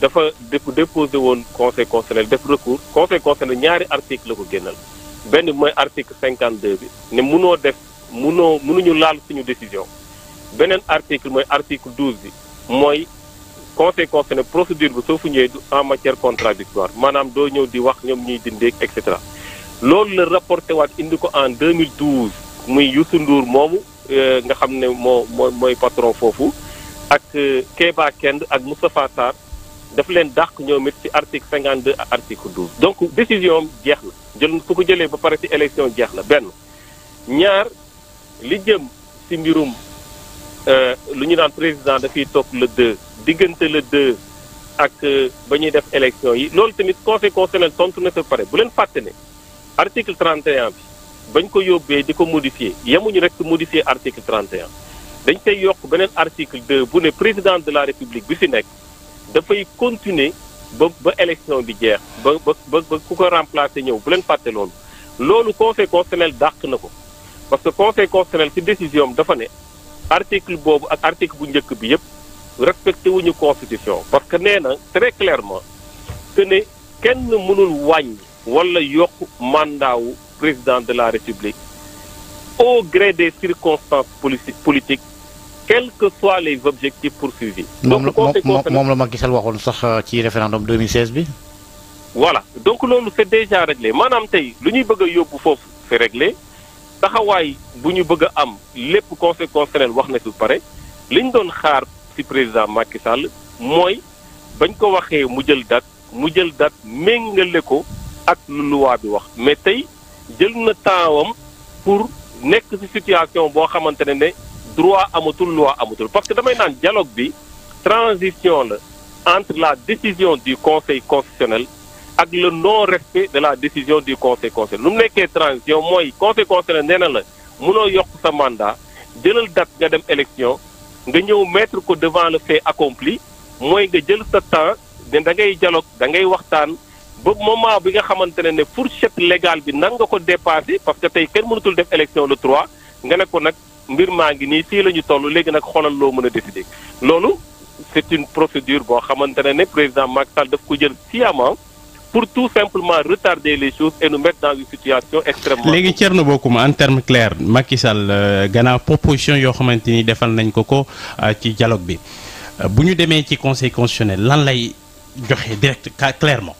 dafa déposé woon conseil constitutionnel def recours conseil constitutionnel ñaari article la ko génnal benn bi mooy cinquante 52 bi ne munoo def munoo mënuñu laal suñu décision beneen article mooy article 12 bi mooy conseil constitutionnel procédure bi soo fu ñëwee du en matière contradictoire maanaam doo ñëw di wax ñoom ñuy dindeeg et cetera loolu la rapporté waat indi ko en 2012 muy Youssou Ndour moomu euh, nga xam ne moo mooy patron foofu ak euh, Kéba Kend ak Moustapha Sarr daf leen dàq ñoom it ci article 52 ak article 12. donc décision am jeex na jël fu ko jëlee ba pare ci élection jeex na benn ñaar li jëm ci mbirum euh, lu ñu daan président dafiy toog le 2 diggante le 2 ak ba ñuy def élection yi loolu tamit conseil constitutionnel tontu na fa pare bu leen fàtte ne article 31 bi ba bañ ko yóbbee di ko modifier yemuñu rek modifier article 31 dañ koy yokk beneen article 2 bu ne président de la république bi fi nekk. dafay continuer ba ba élection bi jeex ba ba ba ku ko remplacer ñëw bu leen fàtte loolu. loolu conseil constitutionnel dàq na ko parce que conseil constitutionnel ci décision dafa ne article boobu ak article bu njëkk bi yépp respecté wuñu constitution. parce que nee na très clairement que ne kenn mënul wàññ walla yokk mandat président de la république au gré des circonstances politiques. quels que soient les objectifs poursuivis. donc moom la Macky Sall waxoon sax euh, ci référendum 2016 bi. voilà donc loolu c'est déjà réglé maanaam tey lu ñuy bëgg a yóbbu foofu c'est réglé taxawaay bu ñu bëgg a am lépp conseil constitutionnel wax na su pare li ñu doon xaar ci président Macky Sall mooy bañ ko waxee mu jël date mu jël date méngale ko ak lu luwaa bi wax mais tey jël na taawam pour nekk ci situation boo xamante ne ne. trois amatul loi amatul parce que damay naan dialogue bi transition la entre la décision du conseil constitutionnel ak le non respect de la décision du conseil constitutionnel lu mu nekkee transition mooy conseil constitutionnel nee na la mënoo yokk sa mandat jëlal date nga dem élection nga ñëw mettre ko devant le fait accompli mooy nga jël sa temps ne da ngay dialogue da ngay waxtaan ba moment bi nga xamante ne ne fourchette légale bi nan nga ko dépassé parce que tey kenn mënatul def élection le 3 nga ne ko nag mbir maa ngi nii fii la ñu toll léegi nag xoolal loo mën a décider loolu c'est une procédure boo xamante ne ne président Macky Sall daf ko jël sciemment pour tout simplement retarder les choses et nous mettre dans une situation extrêmement léegi Thierno Bocoum en termes clairs Macky Sall euh, proposition yoo xamante ni defal nañ ko ko euh, ci dialogue bi euh, bu ñu demee ci conseil constitutionnel lan lay joxe direct clairement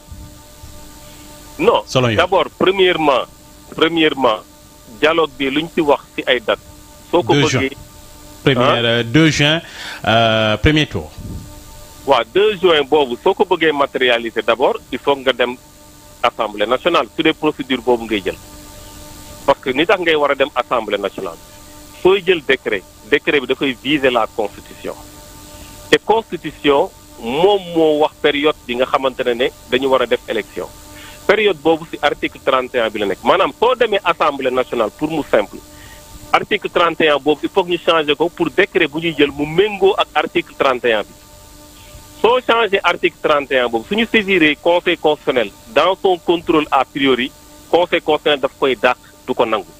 non d'abord premièrement premièrement dialogue bi lu ñu ci wax ci ay date boo ko bëggee première 2 euh, juin euh, premier tour. waa 2 juin boobu soo ko bëggee matérialiser d'abord il faut nga dem assemblée nationale su dee procédure boobu ngay jël. parce que ni tax ngay war a dem assemblée nationale sooy jël décret décret bi dafay viser la constitution te constitution moom moo wax période bi nga xamante ne ne dañu war a def élection période boobu ci article 31 bi la nekk maanaam soo demee assemblée nationale pour mu simple. article 31 boobu il faut ñu changé ko pour décret bu ñuy jël mu méngoo ak article 31 bi soo changé article 31 boobu su ñu saisiré conseil constitutionnel dans son contrôle a priori conseil constitutionnel daf koy dàq du ko nangu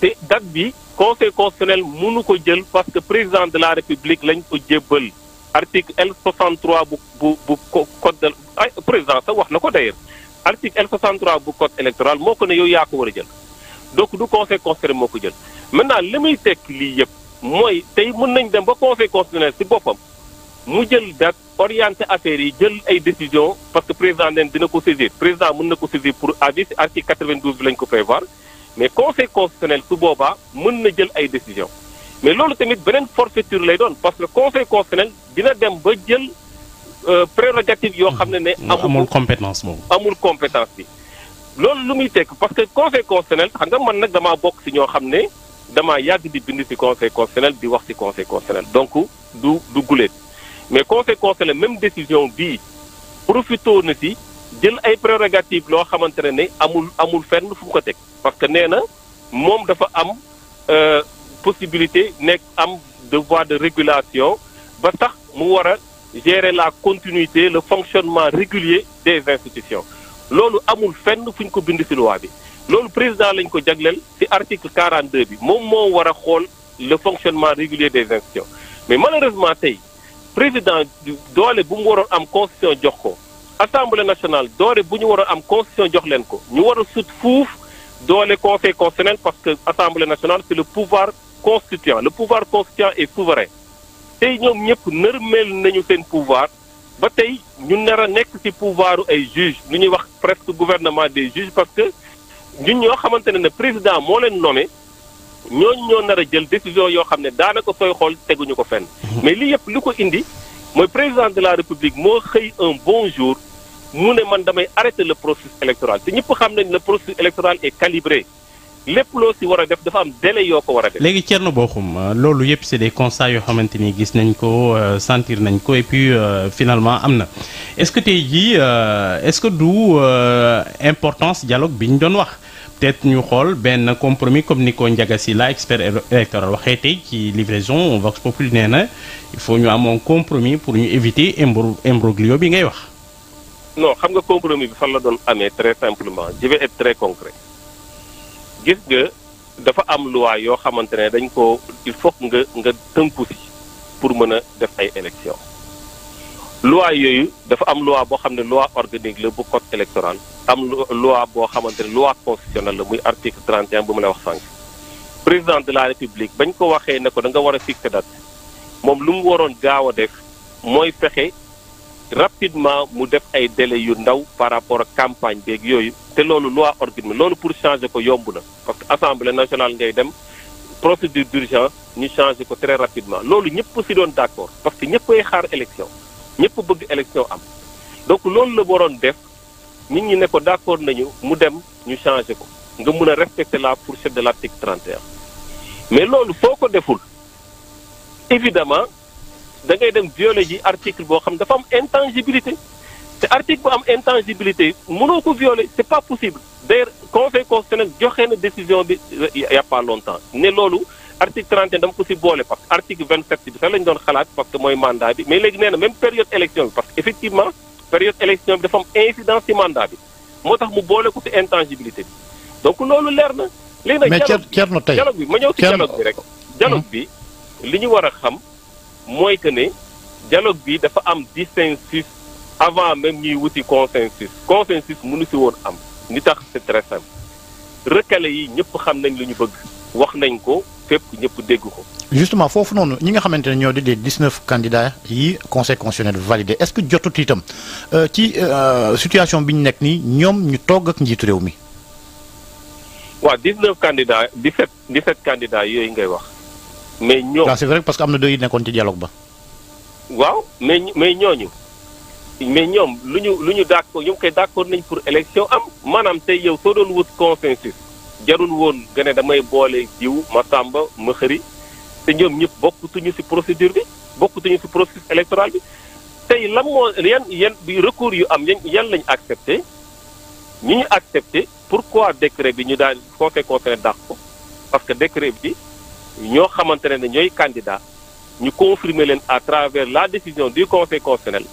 te date bi conseil constitutionnel mënu ko jël parce que président de la république lañ ko jébbal article L 63 bu bu bu code président sax wax na ko d'ailleurs article L 63 bu code électoral moo ko ne yow yaa ko war a jël donc du conseil constitutionnel moo ko jël mën maintenant li muy tekk lii yëpp mooy tey mën nañ dem ba conseil constitutionnel ci boppam mu jël date orienté affaires yi jël ay décision parce que président neen dina ko saisir président mun na ko saisir pour avis ci article 92 bi lañ ko prévoir mais conseil constitutionnel su boobaa mën na jël ay décision mais loolu tamit beneen forfaiture lay doon parce que conseil constitutionnel dina dem ba jël euh, prérogative yoo xam ne ne amul compétence boobu amul compétence bi loolu lu muy tekk parce que conseil constitutionnel xam nga man nag damaa bokk si ñoo xam ne damaa yàgg di bind si conseil constitutionnel di wax si conseil constitutionnel donc du du guléet mais conseil constitutionnel même décision bii profité na ci jël ay prérogatives loo xamante ne amul amul fenn fu mu ko teg parce que nee na moom dafa am euh, possibilité nekk am de devoir de régulation ba tax mu war a gérer la continuité le fonctionnement régulier des institutions loolu amul fenn fu ñu ko bind ci loi bi loolu président lañ ko jagleel ci article 42 bi moom moo war a xool le fonctionnement régulier des institutions mais malheureusement tey président doole bu mu waroon am constitution jox ko assemblée nationale doole bu ñu waroon am constitution jox leen ko ñu war a sut fuuf doole conseil constitutionnel parce que assemblée nationale c'est le pouvoir constituant le pouvoir constituant est souverain tey ñoom ñëpp nërmeel nañu seen pouvoir ba tey ñu nar a nekk ci pouvoiru ay juge lu ñuy wax presque gouvernement des juges parce que ñun ñoo xamante ne ne président moo leen nommé ñooñu ñoo nar a jël décision yoo xam ne daanaka sooy xool teguñu ko fenn. Mhm. mais li yëpp lu ko indi mooy président de la république moo xëy un bon jour mu ne man damay arrêter le processus électoral te ñëpp xam nañ le processus électoral est calibré. lépp loo si war a def dafa am délai yoo ko war a def. léegi Thierno Bocoum euh, loolu yëpp c'est des constats yoo xamante ni gis nañ ko euh, sentir nañ ko et puis euh, finalement am na est-ce que tey jii est-ce que du importance dialogue bi ñu doon wax. peut-être ñu xool benn compromis comme ni ko Ndiaga Sylla expert électoral waxee tey ci livraison Vox Populi nee na il faut ñu amoon compromis pour ñu éviter imbro imbroglio bi ngay wax. non xam nga compromis bi fan la doon amee très simplement je vais être gis nga dafa am loi yoo xamante ne dañ ko il faut nga nga tënku si pour mën a def ay élection loi yooyu dafa am loi boo xam ne loi organique la bu code électoral am loi boo xamante ne loi constitutionnelle la muy article 31 bu ma la wax sànq président de la république bañ ko waxee ne ko da nga war a fixer date moom lu mu waroon gaaw a def mooy fexe rapidement mu def ay délais yu ndaw par rapport ak campagne beeg yooyu te loolu loi organique loolu pour changé ko yomb na parce que assemblée nationale ngay dem procédure d'urgence ñu changé ko très rapidement loolu ñëpp si doon d'accord parce que ñëpp ay xaar élection ñëpp bëgg élection am donc loolu la waroon def nit ñi ne ko d'accord nañu mu dem ñu changé ko nga mun a respecter la fourchette de l'article 31 mais loolu foo ko deful évidemment da ngay dem violer ji article boo xam ne dafa am intangibilité te article bu am intangibilité mënoo ko violer c'est pas possible d'ailleurs conseil constitutionnel joxe na décision bi euh, y a pas longtemps ne loolu article 31 dama ko si boole parce que article 27 bi sax lañu doon xalaat parce que mooy mandat bi mais léegi nee na même période élection bi parce que effectivement période élection bi dafa am incidence ci mandat bi moo tax mu boole ko ci intangibilité bi donc loolu leer na léegi nag dialogue bi ma ñëw ci dialogue bi rek oh. dialogue bi li ñu war a xam mooy que ne dialogue bi dafa am dissensus avant même ñuy wuti consensus consensus mënu si woon am ni tax c'est très simple yi ñëpp xam nañ lu ñu bëgg wax nañ ko fépp ñëpp dégg ko. justement foofu noonu ñi nga xamante ne ñoo di des dix-neuf candidats yi conseil constitutionnel validé est-ce que jotut itam euh, ci euh, situation bi ñu nekk nii ñoom ñu togg ak njiitu réew mi. waaw dix-neuf candidats dix-sept yooyu ngay wax. mais ñoo waaw c'est vrai parce que am na doy nekkoon ci dialogue ba. waaw mais mais ñooñu mais ñoom lu ñu lu ñu d'accord ñoom koy d'accord nañ pour élection am maanaam tey yow soo doon wut consensus jarul woon nga ne damay boole jiw ma sàmba ma xëri te ñoom ñëpp bokkutuñu ci procédure bi bokkutuñu ci processus électoral bi tey lan moo yan yan bi recours yu am yan lañu lañ accepté ñi ñu accepté pourquoi décret bi ñu daal conseil conseil dàq ko parce que décret bi. ñoo xamante ne ñooy candidat ñu confirmer leen à travers la décision du conseil constitutionnel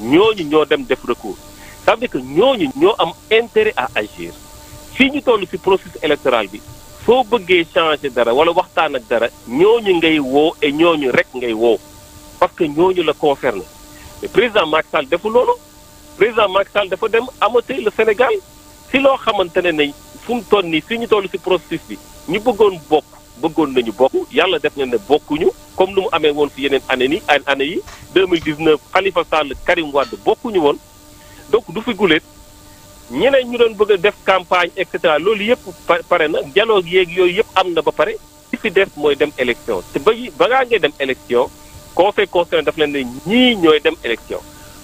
ñooñu ñoo dem def recours ça ko dire que ñooñu ñoo am intérêt à agir fii ñu toll ci processus électoral bi foo bëggee changer dara wala waxtaan ak dara ñu ngay woo et ñooñu rek ngay woo parce que ñooñu la concerne président Macky Sall defu loolu président Macky Sall dafa dem amate le Sénégal si loo xamante ne ne fu mu toll nii fii ñu toll ci processus bi ñu bëggoon bokk bëggoon nañu bokk yàlla def na ne bokkuñu comme nu mu amee woon si yeneen année ni ay année yi 2019 Khalifa Sall Karim Wade bokkuñu woon donc du fi guléet ñeneen ñu doon bëgg a def campagne et cetera loolu yëpp pare na jaloo yeeg yooyu yëpp am na ba pare li fi def mooy dem élection te ba ba ngaa ngay dem élection conseil constitutionnel daf leen ne ñii ñooy dem élection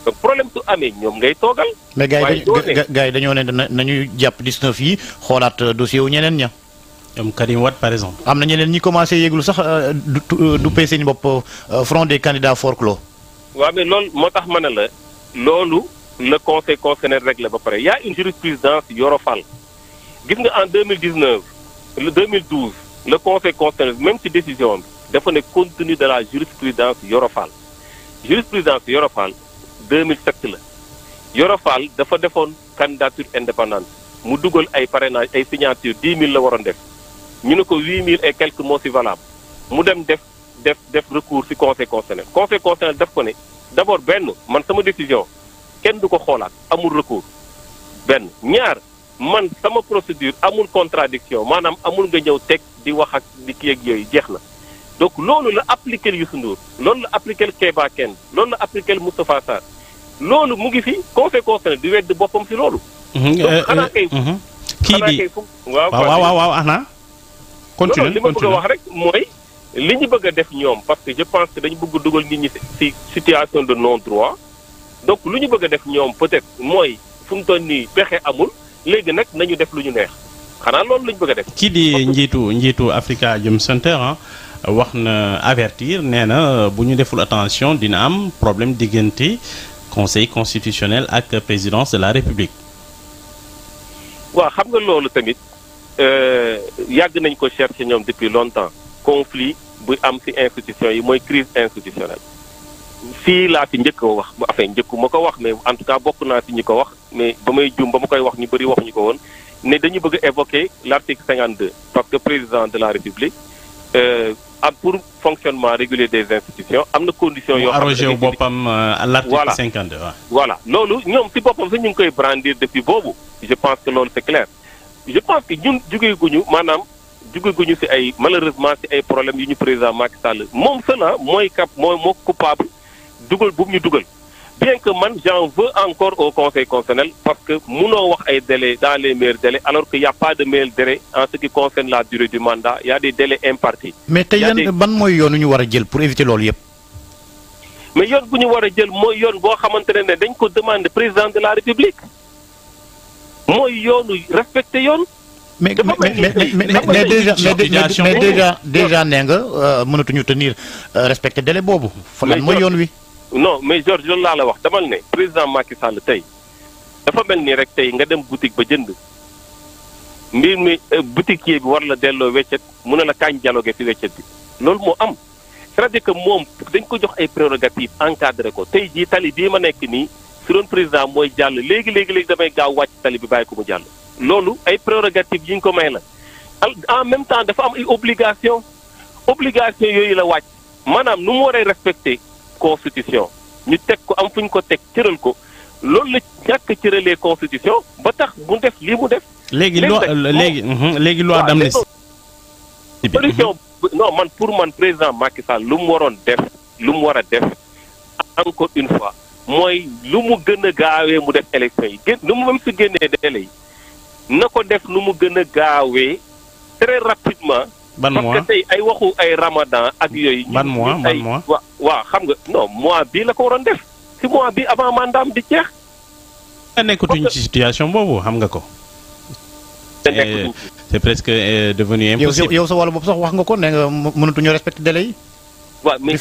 donc problème su amee ñoom ngay toogal. waaye mais gars yi dañoo ne na nañu jàpp 19 yi xoolaat euh, dossier ñeneen ña. ñoom Karim Wade par exemple. am na ñeneen ñi commencé yëglu sax euh, du du euh, seen bopp euh, front des candidats forclos. waaw mais lool moo tax ma ne la loolu le conseil constitutionnel réglé ba pare y' a une jurisprudence Yoro gis nga en deux mille dix neuf le deux mille douze le conseil constitutionnel même ci décision bi dafa ne compte de la jurisprudence Yoro Fall jurisprudence Yoro Fall deux mille sept la Yoro dafa defoon candidature indépendante mu dugal ay parrainage ay signature dix mille la waroon def. ñu ne ko huit mille et quelques moo si valable mu dem def def def recours si conseil constitutionnel def ko ne d' abord benn man sama décision kenn du ko xoolaat amul recours benn ñaar man sama procédure amul contradiction maanaam amul nga ñëw teg di wax ak di kii ak yooyu jeex na donc loolu la appliqué Youssou Ndour loolu la appliqué Keba Kane loolu la appliqué Moustapha Sarr loolu mu ngi fi conseil constitutionnel wedd boppam si loolu donc xanaa kay kii continue li ma bëgg wax rek mooy li ñu bëgg a def ñoom parce que je pense que dañu bëgg a dugal nit ñi ci situation de non droit donc lu ñu bëgg a def ñoom peut-être mooy fu mu toll nii pexe amul léegi nag nañu def lu ñu neex xanaa loolu lañu bëgg a def. kii di njiitu njiitu Africa Jom Center ah wax na avertir nee na bu ñu deful attention dina am problème diggante conseil constitutionnel ak présidence de la république. waaw xam nga loolu tamit. Euh, yàgg nañ ko chercher ñoom depuis longtemps conflit bu am ci institution yi mooy crise institutionnelle fii laa fi njëkk wax bu affaire njëkku ma ko wax mais en tout bokk naa ci ñu ko wax mais ba may juum ba ma koy wax ñu bëri waxuñu ko woon ne dañu bëgg a évoquer l' article 52 parce que président de la république euh, am pour fonctionnement réguler des institutions am na condition yoo xam ne arrogé wu boppam euh, à l' article 52 loolu ñoom ci boppam sax ñu ngi koy brandir depuis boobu je pense loolu c' je pense que ñun jugee guñu maanaam jugee guñu ci ay malheureusement ci ay problèmes yu ñu président Macky Sall moom sala mooy cap mooy moo coupable dugal bu ñu dugal bien que man j'en veux encore au conseil constitutionnel parce que mënoo wax ay délais dans les meilleurs délais alors que y' a pas de meilleurs délais en ce qui concerne la durée du mandat y' a des délais impartis. mais tey yan ban mooy yoonu ñu war a jël pour éviter loolu yëpp. mais yoon bu ñu a jël mooy yoon boo xamante ne dañ ko demander président la mooy yoonu respecté yoon. mais mais déjà mais déjà déjà nee nga euh, mënatuñu tenir euh, respecté délai boobu. fa lan mooy yoon wi. no mais George loolu laa la wax damal ne président Macky Sall tey dafa mel nii rek tey nga dem boutique ba jënd mbir mi euh, boutiquier bi war la delloo weccet mu ne la kaañ dialogué ci weccet bi loolu moo am c'est-à-dire que moom dañ ko jox ay prérogatives encadré ko tey jii tali bii ma nekk nii. su doon président mooy jàll léegi léegi léegi damay gaaw wàcc tali bi bàyyi ko mu jàll. loolu ay prérogatives yi ñu ko may la en même temps dafa am ay obligation obligation yooyu la wàcc maanaam lu mu waree respecter constitution ñu teg ko am fu ñu ko teg cëral ko loolu la ñàkk cëralee constitution ba tax mu def lii mu def. léegi loo léegi léegi loi euh, d'amnistie. non man pour man président Macky Sall lu mu waroon def lu mu war a def encore une fois. mooy lu mu gën a gaawee mu def élection yi gén nu mu fi su génnee délai yi na ko def lu mu gën a gaawee très rapidement ban mois parce ay waxu ay ramadan ak yooyu ban mois ban mois wa xam nga non mois bii la ko waroon def si mois bi avant mandat di jeex nga nekkatuñ ci situation boobu xam nga ko c'est presque euh, devenu yow sa wàllu bopp sax wax nga ko ne nga mënatuñu respecter délai yi waaw mais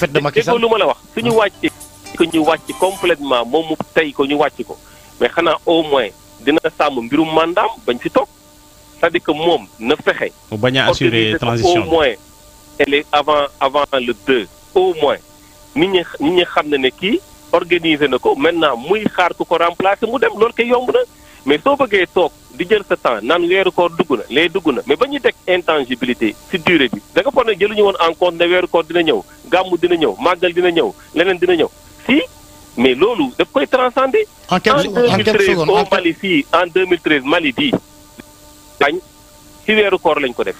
lu ma la wax suñu ah. wàccee ko ñu wàcc complètement moom mu tey ko ñu wàcc ko mais xanaa au moins dina sàmm mbirum màndaam bañ si toog cest di dire que moom na fexe. mu bañ a assurer transition au moins avant avant le 2 au moins nit ñi nit ñi xam na ne kii organiser na ko maintenant muy xaar ku ko remplacer mu dem loolu kay yomb na mais soo bëggee toog di jël sa temps naan weeru koor dugg na lee dugg na mais ba ñu teg intangibilité si dure bi da nga foog ne jëluñu woon en compte ne weeru dina ñëw gàmmu dina ñëw màggal dina ñëw leneen dina ñëw. fii mais loolu daf koy transcender. en quelques secondes en quelques secondes au Mali fii en 2013 Mali bii. bañ ci weeru koor lañ ko def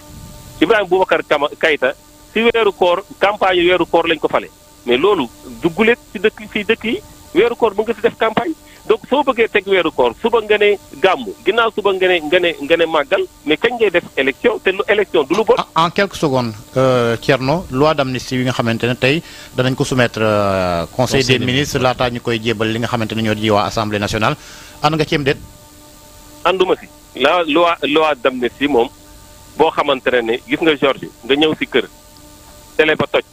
Ibrahima Boubacar Kama Kayta si weeru koor campagne weeru koor lañ ko fale mais loolu dugguleet ci dëkk fii dëkk yi weeru koor bu ngi fi def campagne. donc soo bëggee teg weeru koor suba nga ne gàmmu ginnaaw suba nga ne nga ne màggal mais kañ ngay def élection te lu élection du lu bon. en quelques secondes euh, Thierno loi d'amnistie bi nga xamante ne tey danañ ko soumettre euh, conseil des ministres laataa ñu koy jébal li nga xamante ne ñoo di waa assemblée nationale ànd nga ceeb déet. ànduma si la loi loi d'amnistie moom boo xamante ne gis nga Georges nga ñëw si kër télé ba toj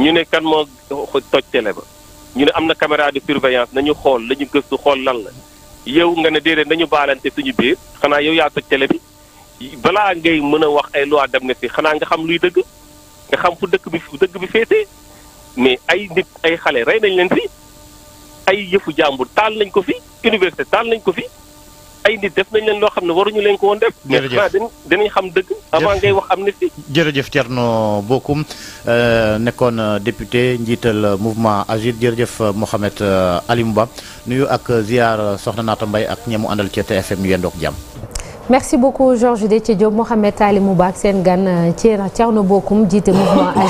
ñu ne kan moo toj télé ba. ñu ne am na caméra de surveillance nañu xool lañu ñu gëstu xool lan la yow nga ne déedéet nañu baalante suñu biir xanaa yow yaa toj tele bi balaa ngay mën a wax ay loi d'amnistie xanaa nga xam luy dëgg nga xam fu dëkk bi dëgg bi féetee mais ay nit ay xale rey nañ leen fi ay yëfu jàmbur taal nañ ko fi université taal nañ ko fi ay nit def nañ leen loo xam ne waruñu leen ko woon def. jërëjëf mais dinañ xam dëgg. avant ngay wax amnistie. jërëjëf Thierno Bocoum euh, nekkoon euh, député njiital euh, mouvement Agir jërëjëf Mouhamed Alioune Ba nuyu ak ziar soxna Naata Mbaye ak ñemu àndal ci TFM ñu yendook jàmm. merci beaucoup Georges Déthié Diop Mouhamed Alimou Ba ak seen gan Thierno Bocoum jiite mouvement